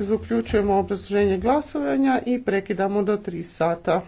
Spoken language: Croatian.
Zaključujemo obrazloženje glasovanja i prekidamo do 3 sata.